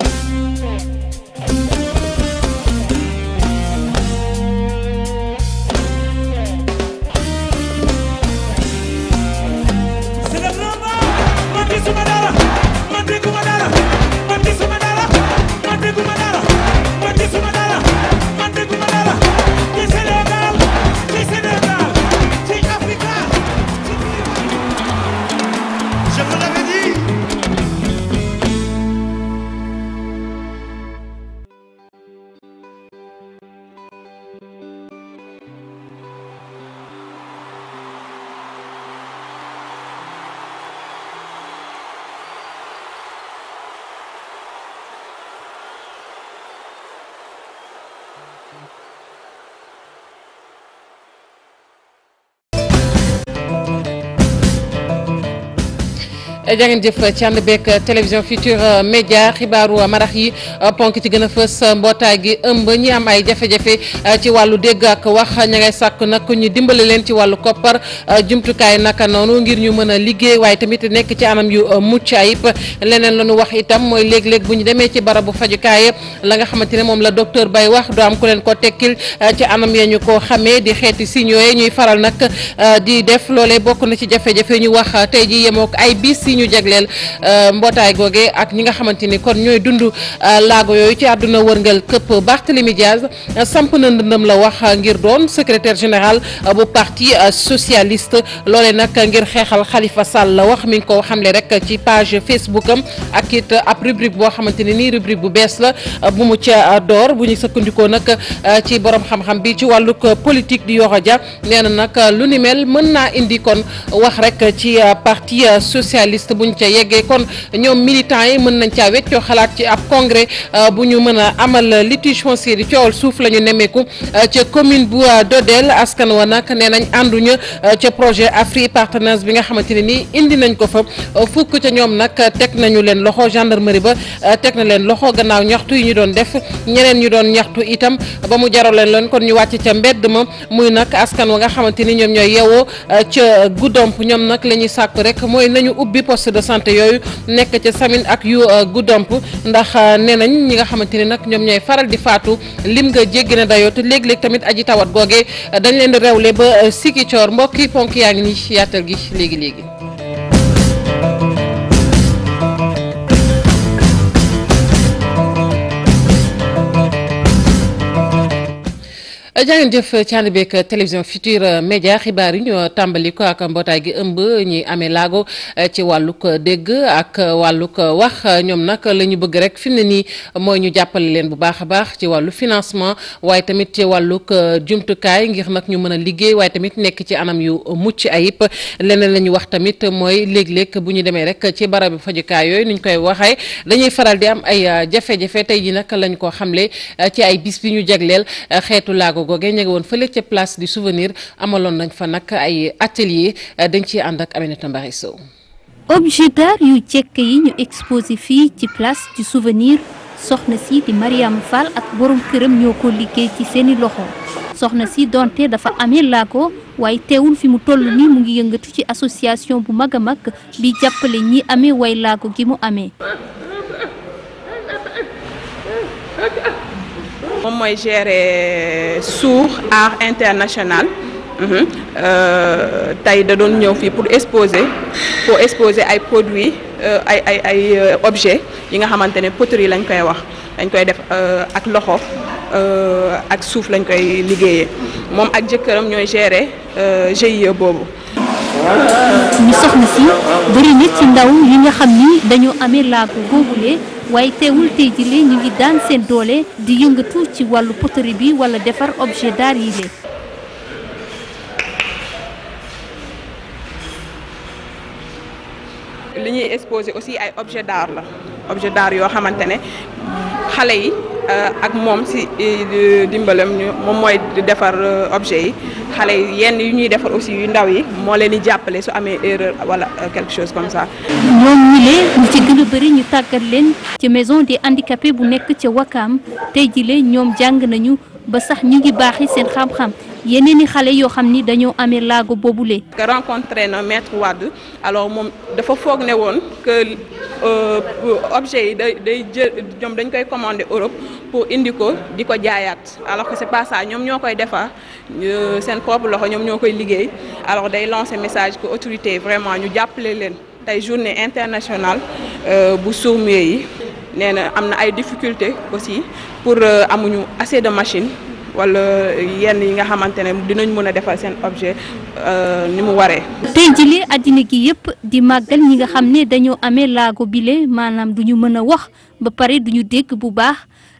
Thank you. jangeen jëf ci ànd beeg télévision Futurs Médias xibaaru marax yi euh, ponk ci gën a fës euh, mbootaay gi ëmb ñi am ay jafe-jafe euh, ci wàllu dégg ak wax ña ngay sàkk nag ñu dimbali leen ci wàllu koppar jumtukaay naka noonu ngir ñu mën a liggéey waaye tamit nekk ci anam yu mucc ayib leneen la ñu wax itam mooy léeg-léeg bu ñu demee ci barabu fajukaay la nga xamante ne moom la docteur bay wax du am ku leen ko tekkil ci anam ya ñu ko xame di xeeti si yooyu ñuy faral nag di def bokk na ci jafe-jafe wax bi ñu jagleel euh, mbootaay googe ak ñi nga xamante ni kon ñooy dund euh, laago yooyu ci àdduna wërngel këpp Barthélémy Diaz euh, samp na ndëndam la wax ngir doon secrétaire général bu parti socialiste loole nag ngir xeexal xalifa Sall la wax mi ngi ko xamle rek ci page Facebook am ak it ab rubrique boo xamante ne nii rubrique bu bees la bu mu ca door bu ñu sëkkandikoo nag ci borom xam-xam bi ci wàllug politique di Yoro ja nee na lu ni mel mën naa indi kon wax rek bu ñu ca yeggee kon ñoom militants yi mën nañ caa weccoo xalaat ci ab congrès euh, bu ñu mën a amal litige foncier di coowal suuf la ñu nemmeeku euh, ca commune bu euh, Dodel askan wa nag nee nañ ànduñu ca projet Afri Partenance bi nga xamante ne nii indi nañ ko fa fukk ca ñoom nag teg nañu leen loxo gendarmerie ba teg na leen loxo gannaaw ñaxtu yi ñu doon def ñeneen ñu doon ñaxtu itam ba mu jaroo leen loon kon ñu wàcc ca mbedd ma muy nag askan wa nga xamante ni ñoom ñooy yeewoo ca guddomp poste de santé yooyu nekk ca Samine ak yu euh, Goudomp ndax euh, nee nañ ñi nga xamante ni nag ñoom ñooy faral di faatu lim nga jéggi na dayoo te léeg-léeg tamit aji tawat googee euh, dañ leen di rewle ba Sigicoor mbokki ponk yaa ngi ni yaatal gi léegi-léegi jaa ngeen jëf ci ànd beeg télévision Futurs Médias xibaar yi ñu tàmbali ko ak mbootaay gi ëmb ñi amee laago eh, ci wàllug dégg ak wàllug wax ñoom nag la ñu bëgg rek fi mu ne nii mooy ñu jàppale leen bu baax a baax ci wàllu financement waaye tamit ci wàllug eh, jumtukaay ngir nag ñu mën a liggéey waaye tamit nekk ci anam yu mucc ayib leneen la ñu wax tamit mooy léeg-léeg bu ñu demee rek ci barabu fajukaay yooyu ni ñu koy waxee dañuy faral di am ay eh, jafe-jafe tey ji nag lañ ko xamle ci ay bis bi ñu jagleel xeetu laago xew googee ñu ngi woon place du souvenir amaloon nañ fa nag ay atelier eh, dañ ci ànd ak Aminata Mbaye Sow objet d'art yu jekk yi ñu exposé fii ci place du souvenir soxna si di Mariam Fall ak borom këram ñoo ko liggéey ci seeni loxo soxna si donte dafa amee laago waaye teewul fi mu toll nii mu ngi yëngatu ci association bu mag a mag bi jàppale ñi amee way laago gi mu amee moom mooy gérer euh, Sourd Art International mhm. euh, tey da doon ñëw fii pour exposer pour exposer ay produits euh, ay ay ay objets yi nga xamante ne poterie lañ koy wax dañ koy def ak loxo ak suuf lañ koy liggéeye moom ak jëkkëram ñooy gérer GIE boobu ñu soxna si bëri na ci ndaw yi nga xam ni dañu amee laago googule waaye teewul tey jile ñu ngi daan seen doole di yëngatu ci wàllu poterie bi wala defar objet daar yi le li ñuy exposé aussi ay objet d'art la objet d'art yoo xamante ne xale yi ak moom si eh, dimbalam moom mooy defar eh, objet yi xale yi yenn yu ñuy defar aussi yu ndaw yi moo leen di jàppale su amee erreur wala eh, quelque chose comme ça. ñoom ñu ne ñu ci gën a bëri ñu tàggat leen ci maison des handicapés bu nekk ca Wakaam tey jii ñoom jàng nañu ba sax ñi ngi baaxi seen xam-xam. yeneen i xale yoo xam ni dañoo amee laago boobule. rencontré na maître Wade alors moom dafa foog ne woon que euh, objet yi day day jël ñoom dañ koy commander Europe pour indi ko di ko jaayaat alors que c'est pas ñoom ñoo koy defar euh, seen propre loxo ñoom ñoo koy liggéey alors day lancer message ko autorité vraiment ñu jàppale leen tey journée internationale euh, bu sourds-muets yi nee na am na ay difficultés aussi pour amuñu assez de machines. wala yenn yi nga xamante ne dinañ mën a defal seen objet euh, ni mu waree. te jii àddina gi yëpp di màggal ñi nga xam ne dañoo amee laago bile maanaam du ñu mën a wax ba pare du ñu dégg bu baax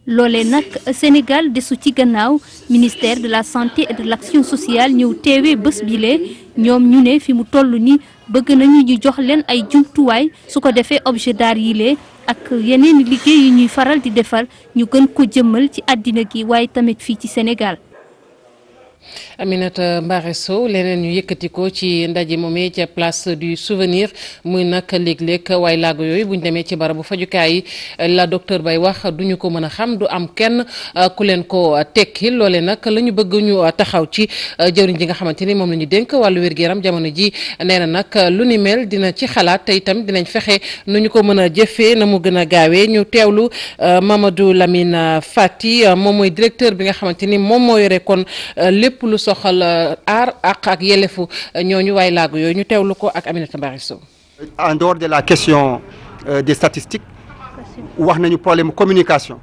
loole nag Sénégal desu ci gannaaw ministère de la santé et de l' sociale ñëw teewe bés bile ñoom ñu ne fi mu toll nii. bëgg nañu ñu jox leen ay jumtuwaay su ko defee objet d'art yile ak yeneen liggéey yu ñuy faral di defar ñu gën ko jëmmal ci àddina gi waaye tamit fii ci Sénégal Aminata Mbaré Sow leneen ñu yëkkati ko ci ndaje moomee ca place du souvenir muy nag léeg-léeg waaye laago yooyu bu ñu demee ci barabu fajukaay yi la docteur bay wax duñu ko mën a xam du am kenn euh, ku leen ko tekki loole nag la ñu bëgg ñu euh, taxaw ci euh, jëwriñ ji nga xamante ni moom la dénk wàllu wér-gu-yaram jamono ji nee na nag lu ni mel dina ci xalaat te itam dinañ fexe nu ñu ko mën a jëfee na mu gën a gaawee ñu teewlu Mamadou Lamine Fati moom mooy directeur bi nga xamante ni moom moo yore kon lépp lu soxal eh, aar àq ak yellefu eh, ñu waay laagu yooyu ñu teew teewlu ko ak Aminata Mbaye Sow. en dehors de la question euh, des statistiques wax nañu problème communication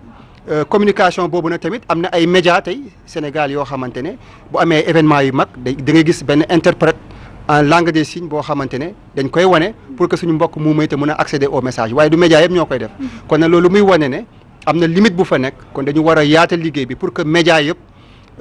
euh, communication boobu na tamit am na ay médias tey Sénégal yoo xamante ne bu amee événement yu mag da ngay gis benn interprète en langue des signes boo xamante ne dañ koy wane pour que suñu mbokk mu te mën a accéder au message waaye du média yëpp ñoo koy def mm-hmm. kon nag loolu muy wane ne am na limite bu fa nekk kon dañu war a yaatal liggéey bi pour que média yëpp.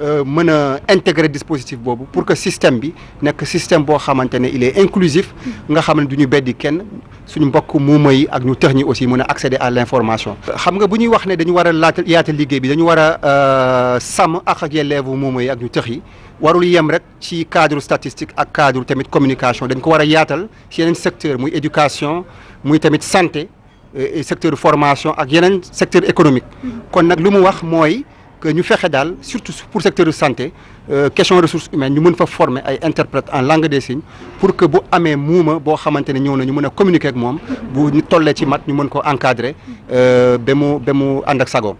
Euh, mën a intégrer dispositif boobu pour que système bi nekk système boo xamante ne il est inclusif nga xam ne du ñu beddi kenn suñu mbokk muuma yi ak ñu tëx ñi aussi mën a accéder à l' information xam nga bu ñuy wax ne dañu war a laata yaatal liggéey bi dañu war a euh, sàmm ak ak yelleefu muuma yi ak ñu tëx yi warul yem rek ci cadre statistique ak cadre tamit communication dañ ko war a yaatal ci yeneen secteur muy éducation muy tamit santé euh, secteur formation ak yeneen secteur économique mm-hmm. que ñu fexe daal surtout pour secteur santé euh, question ressources humaines ñu mën fa former ay interprètes en langue des signes pour que bu amee muuma boo xamante ne ñëw nañu mën a communiquer ak moom bu ñu tollee ci mat ñu mën ko encadrer euh, ba mu ba mu ànd ak sagoom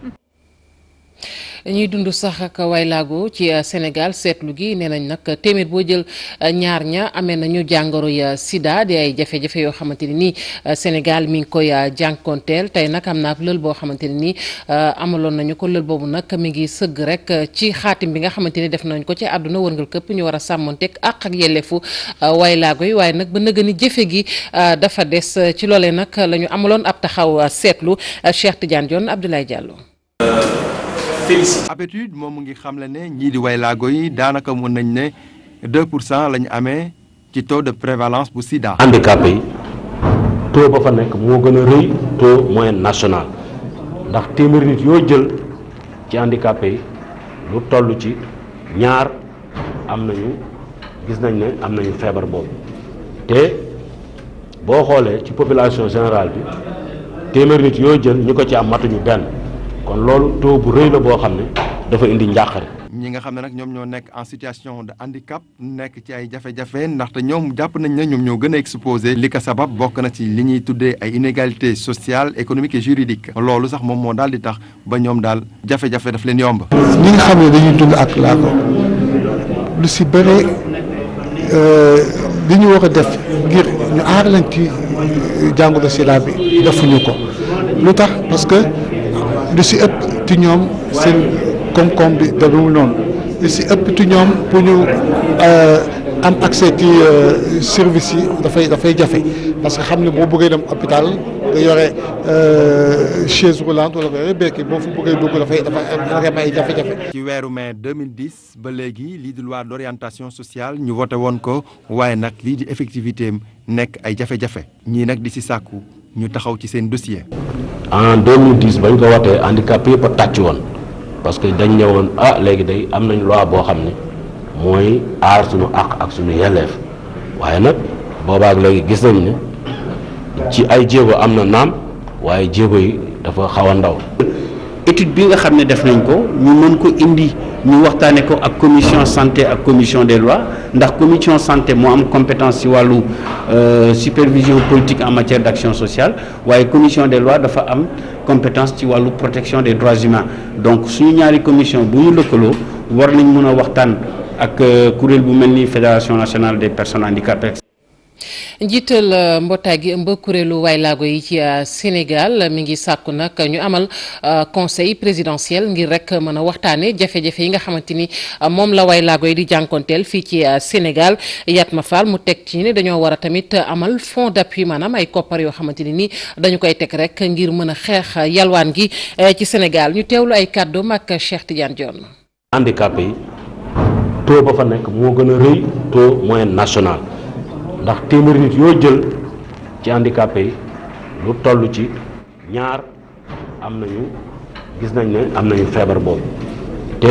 ñuy dund sax ak waylaago ci euh, Sénégal seetlu gi nee nañ nag téeméer boo jël euh, ñaar ña amee nañu jàngoro ya euh, sida di ay jafe-jafe yoo xamante ne nii Sénégal mi ngi koy jànkonteel tey nag am naa lël boo xamante ne nii amaloon nañu ko lël boobu nag mi ngi sëgg rek ci xaatim bi nga xamante ni def nañ ko ci àdduna wërngal këpp ñu war a sàmmonteeg àq ak yelleefu waylaago yi waaye nag ba nëgë ni jëfe gi dafa des ci loolee nag la ñu amaloon ab taxaw seetlu Cheikh Tidiane Dione Abdoulaye Diallo. félicite. Aptitude moom mu ngi xamle ne ñii di way laago yi daanaka mën nañ ne 2 pour cent la ñu amee ci taux de prévalence bu sida. handicapé yi taux ba fa nekk moo gën a rëy taux moyen national ndax téeméeri nit yoo jël ci handicapé yi lu toll ci ñaar am nañu gis nañ ne am nañu feebar boobu te boo xoolee ci population général bi téeméeri nit yoo jël ñu ko ci am matuñu benn. kon loolu taux bu rëy la boo xam ne dafa indi njàqare. ñi nga xam ne nag ñoom ñoo nekk en situation de handicap nekk ci ay jafe-jafe ndaxte ñoom jàpp nañ ne ñoom ñoo gën a exposé li ko sabab bokk na ci li ñuy tuddee ay inégalité sociale économique et juridique loolu sax moom moo daal di tax ba ñoom daal jafe-jafe daf leen yomb. ñi nga xam ne dañuy dund ak laago lu si bëre euh, li ñu war def ngir ñu aar leen ci jàngoro sida bi defuñu ko lu tax lu si ëpp ci ñoom seen koom-koom bi demewul noonu lu si ëpp ci ñoom pour ñu euh, am accès ci euh, service yi dafay dafay jafe parce que xam ne boo buggee dem hôpital nga yore euh, chaise roulante wala nga yore béykat boo fu bëggee dugg dafay dafa am ay jafe-jafe. ci weeru mai ba léegi lii di loi d'orientation sociale ñu voté woon ko waaye nag lii di effectivité nekk ay jafe-jafe ñii nag di si sàkku. ñu taxaw ci seen dossier. en 2010 bañ ko watee handicapé yëpp a tàcc woon parce que dañ ne woon ah léegi day am nañ loi boo xam ne mooy aar suñu àq ak suñu yelleef waaye nag boobaak léegi gis nañ ne ci ay jéego am na naam waaye jéego yi dafa xaw a ndaw. étude bi nga xam ne def nañ ko ñu mën ko indi. ñu waxtaane ko ak commission santé ak commission des lois ndax commission santé moo am compétence ci wàllu euh, supervision politique en matière d'action sociale waaye commission de lois dafa am compétence ci wàllu protection des droits humains donc suñu ñaari commission bu ñu lëkkaloo war nañu mën a waxtaan ak euh, kuréel bu mel ni fédération nationale des personnes handicapées njiital euh, mbootaay gi ëmb kuréelu waylaago yi ci euh, Sénégal mi ngi sàkku nag ñu amal euh, conseil présidentiel ngir rek mën a waxtaanee jafe-jafe yi nga xamante ni moom la waylaago yi di jànkonteel fii ci Sénégal ma Fall mu teg ci ne dañoo war a tamit amal fond d'appui maanaam ay koppar yoo xamante ni nii dañu koy teg rek ngir mën a xeex yalwaan gi ci Sénégal ñu teew lu ay kàddoom ak Cheikh Tidiane Dione. handicapé yi taux ba fa nekk moo gën rëy taux moyen ndax téeméeri nit yoo jël ci handicapé yi lu toll ci ñaar am nañu gis nañ ne am nañu feebar boobu te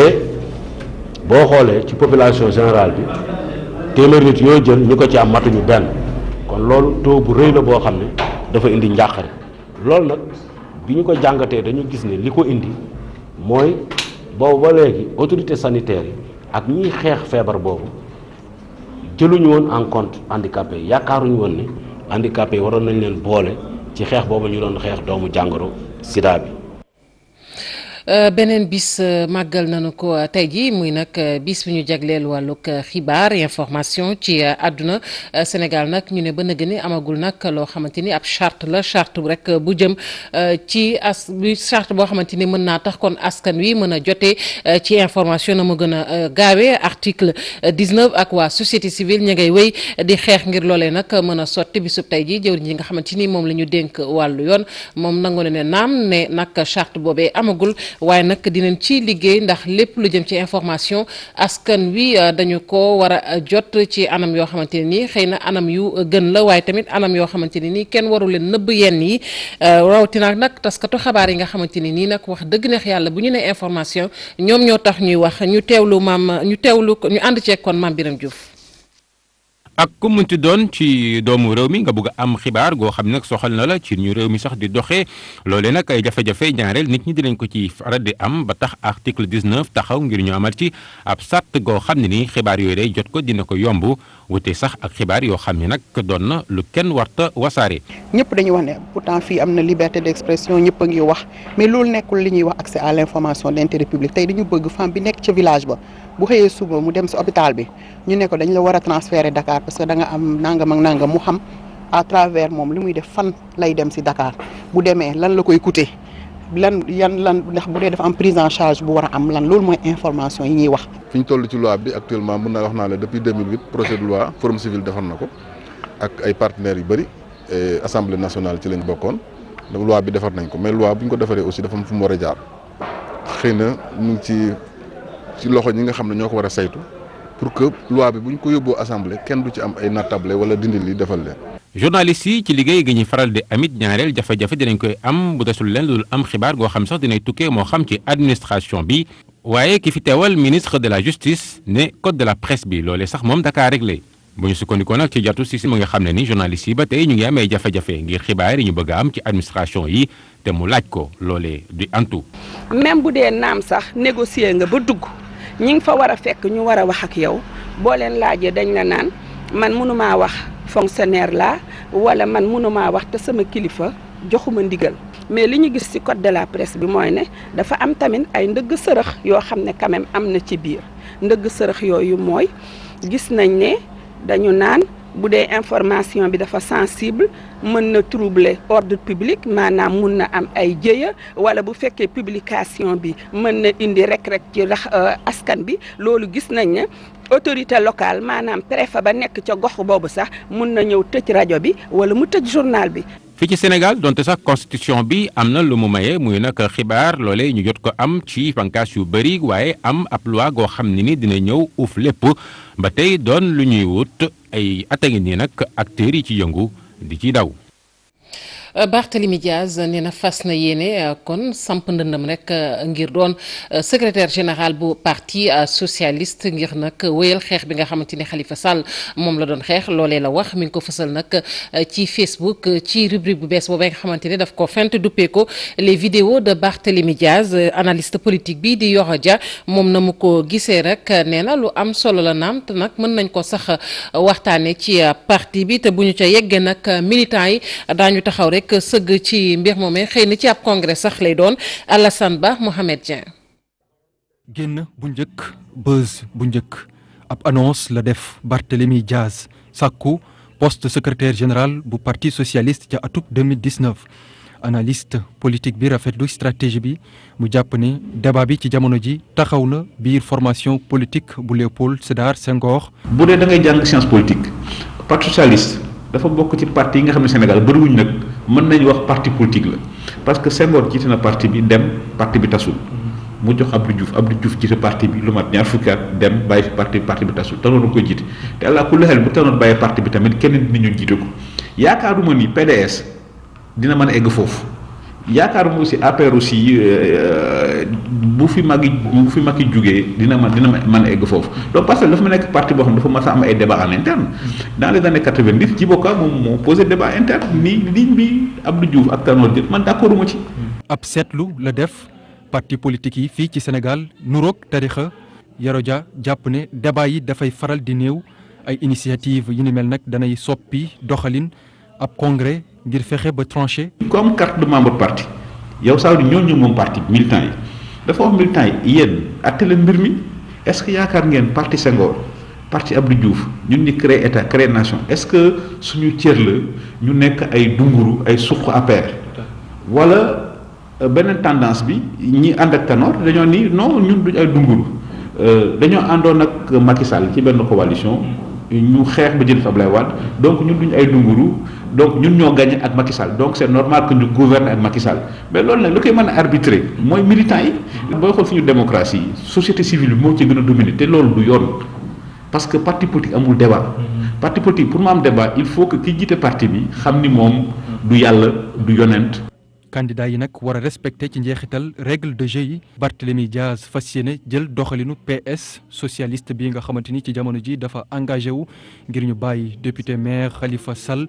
boo xoolee ci population général bi téeméeri nit yoo jël ñu ko ci am matuñu benn kon loolu taux bu rëy la boo xam ne dafa indi njàqare loolu nag bi ñu ko jàngatee dañu gis ne li ko indi mooy boobu ba léegi autorité sanitaire yi ak ñiy xeex feebar boobu jëluñu woon en compte handicapé yi yaakaaruñu woon ne handicapé yi waroon nañ leen boole ci xeex boobu ñu doon xeex doomu jàngoro sida bi Euh, beneen bis euh, màggal nanu ko euh, tey jii muy nag bis bi ñu jagleel wàllug xibaar information ci àdduna Sénégal nag ñu ne bënn nëgë ni amagul nag loo xamante ni ab chart la charte rek bu jëm ci as bu charte boo xamante ni mën naa tax kon askan wi mën a jote ci information na mu gën a gaawee article 19 ak waa société civile ñu ngay wéy di xeex ngir loole nag mën a sotti bisub tey jii jëwriñ yi nga xamante ni moom la ñu dénk wàllu yoon moom nangu ne naam ne nag charte boobee amagul. waaye nag dinañ ci liggéey ndax lépp lu jëm ci information askan wi euh, dañu ko war a jot ci anam yoo xamante ne nii xëy na anam yu gën la waaye tamit anam yoo xamante ne nii kenn waru leen nëbb yenn yi euh, rawatina nag taskatu xabaar yi nga xamante ne nii nag wax dëgg neex yàlla bu ñu ne information ñoom ñoo tax ñuy wax ñu teewlu maam ñu teewlu ñu ànd ceeg kon maam Biram Diouf ak ku munti doon ci doomu réew mi nga bëgg am xibaar goo xam ne nag soxal na la ci ñu réew mi sax di doxee loole nag ay jafe-jafe ñaareel nit ñi dinañ ko ci faral di am ba tax article 19 taxaw ngir ñu amal ci ab sàtt goo xam ne ni xibaar yooyu day jot ko dina ko yomb wute sax ak xibaar yoo xam ne nag doon na lu kenn warta wasaare. ñëpp dañuy wax ne pourtant fii am na liberté d'expression ñëpp a ngi wax mais loolu nekkul li ñuy wax accès à l'information tey dañu bëgg femme bi nekk ca village ba. bu xëyee suba mu dem si hôpital bi ñu ne ko dañ la war a transférer Dakar parce que da am nangam ak nangam mu xam à travers moom li muy def fan lay dem si dakaar bu demee lan la koy coûter lan yan lan ndax bu dee dafa am prise en charge bu war a am lan loolu mooy information yi ñuy wax. fi ñu toll ci loi bi actuellement mun naa wax naa la depuis 2008 projet de loi forum civil defoon na ko ak ay partenaires yu bëri assemblée nationale ci lañ bokkoon loi bi defar nañ ko mais bu ñu ko defaree aussi dafa fu mu war a jaar xëy na ñu ngi ci loxo ñi nga xam ne ñoo ko war a saytu pour que loi bi bu ñu ko yóbboo assemblée kenn du ci am ay nattable wala dindi li defal leen. journaliste yi ci liggéey gi ñuy faral di amit ñaareel jafe-jafe dinañ koy am bu desul leen lu am xibaar goo xam sax dinay tukkee moo xam ci administration bi waaye ki fi teewal ministre de la justice ne code de la presse bi loolee sax moom Dakar réglé bu ñu sukkandikoo nag ci jatu si mu nga xam ne ni journaliste yi ba tey ñu ngi amee jafe-jafe ngir xibaar ñu bëgg am ci administration yi te mu laaj ko loolee du antu. même bu dee naam sax négocier nga ba dugg. ñi nga fa war a fekk ñu war a wax ak yow boo leen laajee dañ la naan man mënumaa wax fonctionnaire la wala man mënumaa wax te sama kilifa joxuma ndigal mais li ñu gis ci code de la press bi mooy ne dafa am tamit ay ndëgg sërëx yoo xam ne quand am na ci biir ndëgg sërëx yooyu mooy gis nañ ne dañu naan bu dee information bi dafa sensible mën na troubler ordre publique maanaam mun na am ay jëya wala bu fekkee publication bi mën na indi rek rek ci rax euh, askan bi loolu gis nañ ne autorité locale maanaam préfet ba nekk ca gox boobu sax mun na ñëw tëj rajo bi wala mu tëj journal bi fii ci Sénégal donte sax constitution bi am na lu mu maye muy nag xibaar loole ñu jot ko am ci bànqaas yu bëri waaye am ab loi goo xam ne ni dina ñëw uuf lépp ba tey doon lu ñuy wut ay at a ngi nii nag acteurs yi ci yëngu di ci daw. Euh, Barthélemy Diaz nee na fas na yéene euh, kon samp ndëndam rek euh, ngir doon secretaire général bu parti socialiste ngir nag wéyal xeex bi nga xamante ni Khalifa Sall moom la doon xeex loolee la wax mi ngi ko fësal nag ci Facebook ci rubrique bu bees boobee nga xamante ne daf ko fent duppee ko les vidéos de Barthélemy Diaz analyste politique bi di Yoro ja moom na mu ko gisee rek nee na lu am solo la naam te nag mën nañ ko sax waxtaanee ci parti bi te bu ñu ca yeggee nag militants yi daañu taxaw rek. rek sëgg ci mbir moomee xëy na ci ab congrès sax lay doon Alassane Ba Mohamed Dieng. génn bu njëkk buzz bu njëkk ab annonce la def Barthélemy Diaz sàkku poste secrétaire général bu parti socialiste ca atub 2019 analyste politique bi rafetlu stratégie bi mu jàpp ne débat bi ci jamono ji taxaw na biir formation politique bu Léopold Sédar Senghor. bu dee da ngay jàng science politique parti socialiste. dafa bokk ci parti yi nga xam ne Sénégal bëriwuñ nag mën nañu wax parti politique la parce que Senghor jiite na parti bi dem parti bi tasul mu jox Abdou Diouf Abdou Diouf jiite parti bi lu mat ñaar fukki at dem bàyyi fi parti bi parti bi tasul tanoon na ko jiite te allah kulli xel bu tanoon bàyyi parti bi tamit keneen dina ñu jiite ko yaakaaruma ni PDS dina mën a egg foofu. yaakaar mu aussi APR euh, aussi euh, bu fi magi bu fi yi jugee dina ma dina ma mën a egg foofu donc parce que dafa ma nekk parti boo xam ne dafa mas a am ay débat en interne dans les années quatre-vingt-dix moom moo posé débat interne nii ligne bi Abdou Diouf ak Tanor Dieng man d'accord uma ci ab seetlu la def parti politique yi fii ci senegal nuroog tarixa Yoro Dia jàpp ne débat yi dafay faral di néew ay initiative yu ni mel nag danay soppi doxalin ab congrès ngir fexe ba tranché. comme am carte de membre parti yow saa yu ñooñu moom parti militant yi dafa wax militant yi yéen atte leen mbir mi est-ce que yaakaar ngeen parti Senghor parti Abdou Diouf ñun ñi créé état créé nation est-ce que suñu cër la ñu nekk ay dunguru ay suq APR wala euh, beneen tendance bi ñi ànd ak Tanor dañoo ni non ñun duñ ay dunguru euh, dañoo àndoon ak Macky ci benn coalition ñu xeex ba jël fa Ablaye Wade donc ñun duñ ay dunguru donc ñun ñoo gagné ak Macky donc c' est normal que ñu gouverne ak Macky mais loolu nag lu koy mën a arbitrer mooy militant yi. booy xool ñu démocratie yi société civile bi moo ci gën a dominer te loolu du yoon parce que parti politique amul débat. Mm-hmm. parti politique pour mu am débat il faut que ki jiite parti bi xam ni moom du yàlla du yonent. candidat yi nag war a respecté ci njeexital règle de jeu yi Barthélemy Diaz fas yéene jël doxalinu PS socialiste bi nga xamante ni ci jamono ji dafa engagé wu ngir ñu bàyyi député maire Khalifa Sall.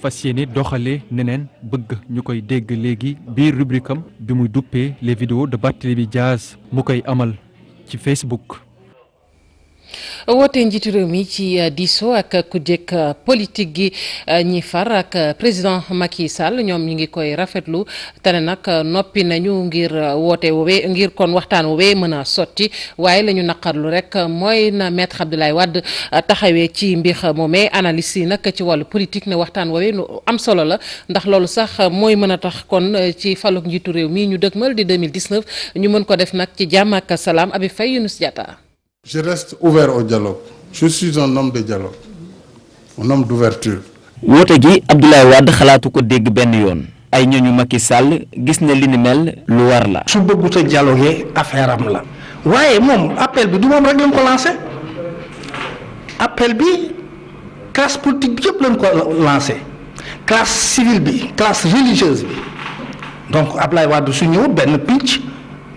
fas yéene doxalee neneen bëgg ñu koy dégg léegi biir rubrique bi muy duppee les vidéos de bi Dias mu koy amal ci Facebook woote njiitu réew mi ci euh, diisoo ak kujjeg euh, politique gi euh, ñi far ak président Macky Sall ñoom ñu ngi koy rafetlu te ne nag noppi nañu ngir woote woowee ngir kon waxtaan woowee mën a sotti waaye lañu ñu naqarlu rek mooy na maître Abdoulaye Wade taxawee ci mbir moomee analyse yi nag ci wàllu politique ne waxtaan woowee nu am solo la ndax loolu sax mooy mën a tax kon ci faluk njiitu réew mii ñu dëgmal di 2019 ñu mën ko def nag ci jàmm salaam Abi Faye Yunus Diatta Je reste ouvert au dialogue. Je suis un homme de dialogue. Un woote gi Abdoulaye Wade xalaatu ko dégg benn yoon. ay ñooñu Macky sàll gis na li ni mel lu war la. su bëggut a dialoguer affaire am la. waaye moom appel bi du moom rek lañ ko lancé appel bi classe politique bi yëpp lañ ko lancé classe civile bi classe religieuse bi donc Abdoulaye Wade su ñëwut benn picc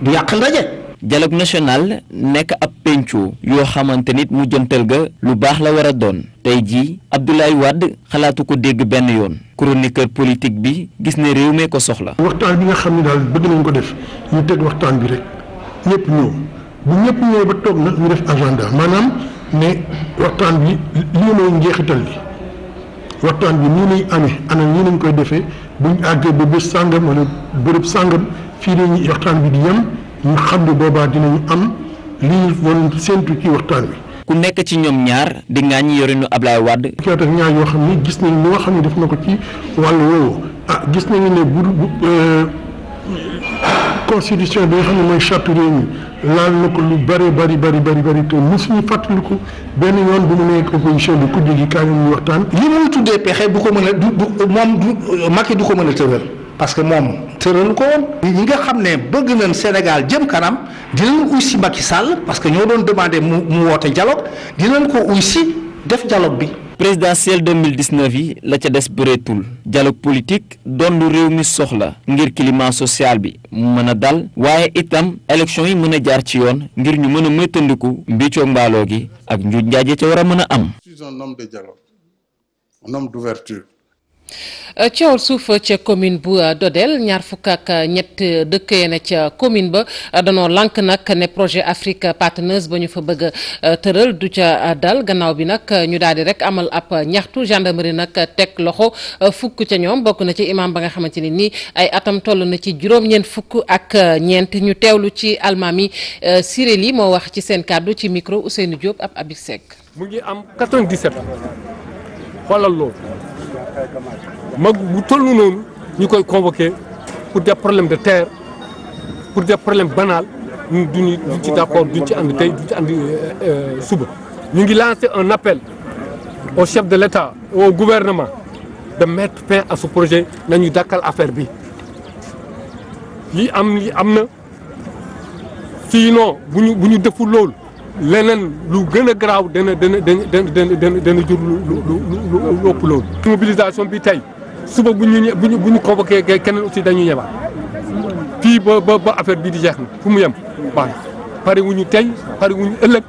du yàq ndaje. dialogue national nekk ab penco yoo xamante nit mu jëntal ga lu baax la war a doon tey jii Abdoulaye Wade xalaatu ko dégg benn yoon chroniqueur politique bi gis ne réew mee ko soxla. waxtaan bi nga xam ne daal bëgg nañ ko def ñu teg waxtaan bi rek ñëpp ñëw bu ñëpp ñëwee ba toog na ñu def agenda maanaam ne waxtaan bi lii mooy njeexital bi waxtaan bi nii lay amee ana nii lañ koy defee buñ àggee ba bés sàngam wala bërëb sàngam fii la ñuy waxtaan bi di ñu xam ne boobaa dinañu am li ñu woon ci waxtaan wi. ku nekk ci ñoom ñaar di ngaa ñi yorinu Ablaye Wade. kii ak ñaar yoo xam ne gis nañ li nga xam ne def na ko ci wàllu woowu ah, gis nañu ne bu euh, constitution bi nga xam ne mooy charte réew mi laal na ko lu bëree bëri bëri bëri bëri te mosuñu fàttaliku benn yoon bu mu nekk opposition bi ku jógi kaay ñu waxtaan. li muy tuddee pexe bu ko mën a du moom du Macky du ko mën a tëral. parce que moom tëral ko woon ñi nga xam ne bëgg nañ Sénégal jëm kanam dinañ uy si Macky Sall parce que ñoo doon demandé mu mu woote dialogue dinañ ko uy si def dialogue bi. présidentielle 2019 yi la ca des bëreetul dialogue politique doon lu réew mi soxla ngir climat social bi mën a dal waaye itam élection yi mën a jaar ci yoon ngir ñu mën a moytandiku mbiccoo mbaaloo gi ak njuuj njaaje ca war a mën a am. Je suis de dialogue, un homme Euh, coowal suuf ca commune bu euh, Dodel ñaar fukk ak euh, ñett dëkkee na ca commune ba danoo lànk nag ne projet Afrique Partners ba ñu fa bëgg a tëral du ca dal gannaaw bi nag ñu daal di rek amal ab ñaxtu gendarmerie nag teg loxo fukk ca ñoom bokk na ci imam ba nga xamante ne nii ay atam toll na ci juróom-ñeent fukk ak ñeent ñu teewlu ci almaami Sirel yi moo wax ci seen kàddu ci micro Ousseynou Diop ab Abib Seck. mu ngi am 97 xoolal loolu mag bu toll noonu ñu koy convoqué pour des problèmes de terre pour des problèmes banals ñun ci d'accord duñ ci tey duñ ci euh, euh, suba ñu ngi lancé un appel au chef de l'État au gouvernement de mettre fin à ce projet nañu dakkal affaire bi li am li am na sinon bu ñu bu ñu deful loolu leneen lu gën a garaaw dana dana dana dana dana jur lu lu lu ëpp loolu. mobilisation bi tey suba bu ñu bu ñu bu ñu keneen aussi dañuy yebaat fii ba affaire bii di jeex na fu mu yem baax na pare wuñu ëllëg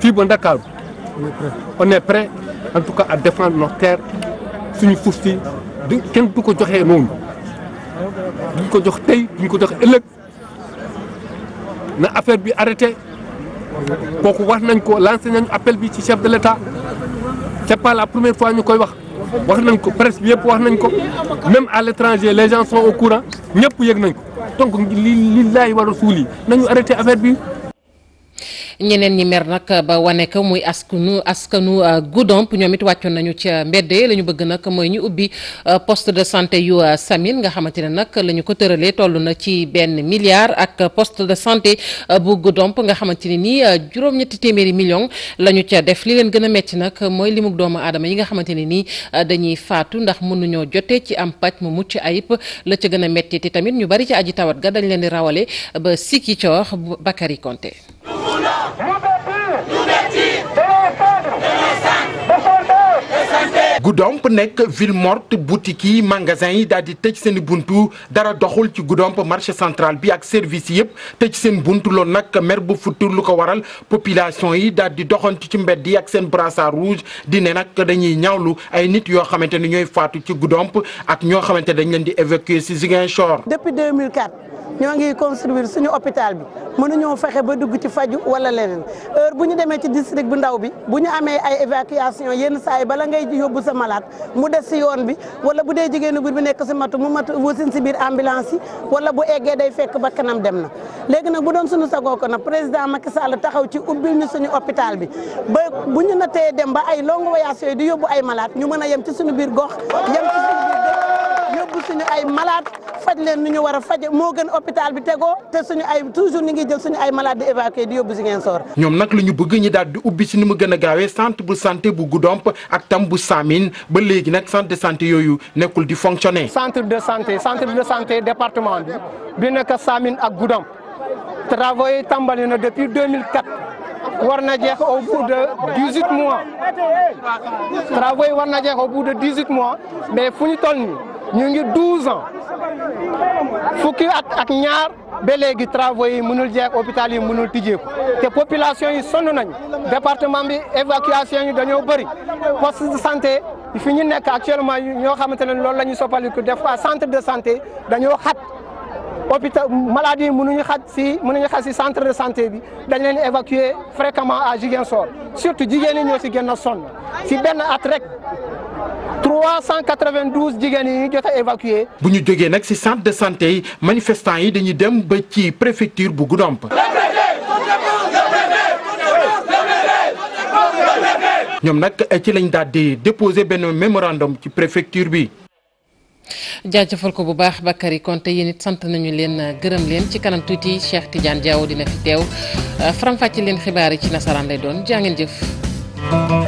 fii ba Ndakaaru on est tout cas à défendre nos terres suñu suuf si kenn du ko joxee noonu duñ ko jox tey duñ ko jox ëllëg na affaire bi arrêté. kooku wax nañ ko lancé nañ appel bi ci chef de l'État c'est pas la première fois ñu koy wax war nañ ko presse bi yëpp wax nañ ko même à l'étranger les gens sont au courant ñëpp yëg nañ ko donc li li laay war a suul yi nañu arrêté affaire bi ñeneen ñi mer nag ba wane ko muy askanu askanu euh, Goudomp ñoom it wàccoon nañu ci mbedd la ñu bëgg nag mooy ñu ubbi euh, post de santé yu euh, Samin nga xamante ne nag la ko tëralee toll na ci benn milliard ak poste de santé bu Goudomp nga xamante ne nii juróom-ñetti téeméeri million la ñu ca def li leen gën a metti nag mooy limu doomu aadama yi nga xamante ne nii dañuy faatu ndax mënuñoo jotee ci am paj mu mucc ayib la ca gën a metti te tamit ñu bari ci aji tawat ga dañ leen di rawale ba Sikicoor Bakary Konté Goudomp nekk ville morte boutique yi magasin yi daal di tëj seeni buntu dara doxul ci Goudomp marché central bi ak service yëpp tëj seen buntu loolu nag mer bu lu ko waral population yi daal di doxantu ci mbedd yi ak seen brassard rouge di ne nag dañuy ñawlu ay nit yoo xamante ni ñooy faatu ci Goudomp ak ñoo xamante dañ leen di évacuer si Ziguinchor. ñoo ngi construire suñu hôpital bi mënuñoo fexe ba dugg ci faju wala leneen heure bu ñu demee ci district bu ndaw bi bu ñu amee ay évacuation yenn saa yi bala ngay yóbbu sa malaat mu des si yoon bi wala bu dee jigéenu biir bi nekk si matu mu matu wasin si biir ambulance yi wala bu eggee day fekk ba kanam dem na léegi nag bu doon suñu sagoo ko nag président Macky Sall taxaw ci ubbil ñu suñu hôpital bi ba bu ñu natee dem ba ay longue voyage yooyu di yóbbu ay malade ñu mën a yem ci suñu biir gox ay malade faj leen ni ñu war a faje moo gën hôpital bi tegoo te suñu ay toujours ñu ngi jël suñu ay malade di évacuer di yóbbu Ziguinchor ñoom nag lu ñu bëgg ñu daal di ubbi si gën a gaawee centre bu santé bu Goudomp ak tam bu Samine ba léegi nag centre de santé yooyu nekkul di fonctionner. centre de santé centre de santé département bi bi nekk Samine ak Goudomp travaux yi na depuis 2004 war na jeex au bout de 18 mois travaux yi war na jeex a bout de 18 mois mais fu ñu toll ñu ngi douze ans fukki at ak ñaar ba léegi travaux yi mënul jeex hôpital yi mënul tijjeeku te population yi sonn nañu département bi évacuation yi dañoo bëri poste de santé fi ñu nekk actuellement ñoo xamante ne loolu la ñu soppaliku def centre de santé dañoo xat hôpital maladies yi mënuñu xaj si mënuñu xaj si centre de santé bi dañ leen évacuer fréquemment à Ziguinchor surtout jigéen ñi ñoo si gën a sonn si benn at rek 392 jigéen yi ñu jot a évacuer. bu ñu jógee nag si centre de santé yi manifestants yi dañuy dem ba ci préfecture bu Goudomp. ñoom nag ci lañ daal di déposé benn mémorandum ci préfecture bi. jaajëfal ko bu baax Bakary Konte yéen it sant nañu leen gërëm leen ci kanam tuuti Cheikh Tidiane Diaw dina fi teew faram leen xibaar yi ci nasaraan lay doon jaa ngeen jëf.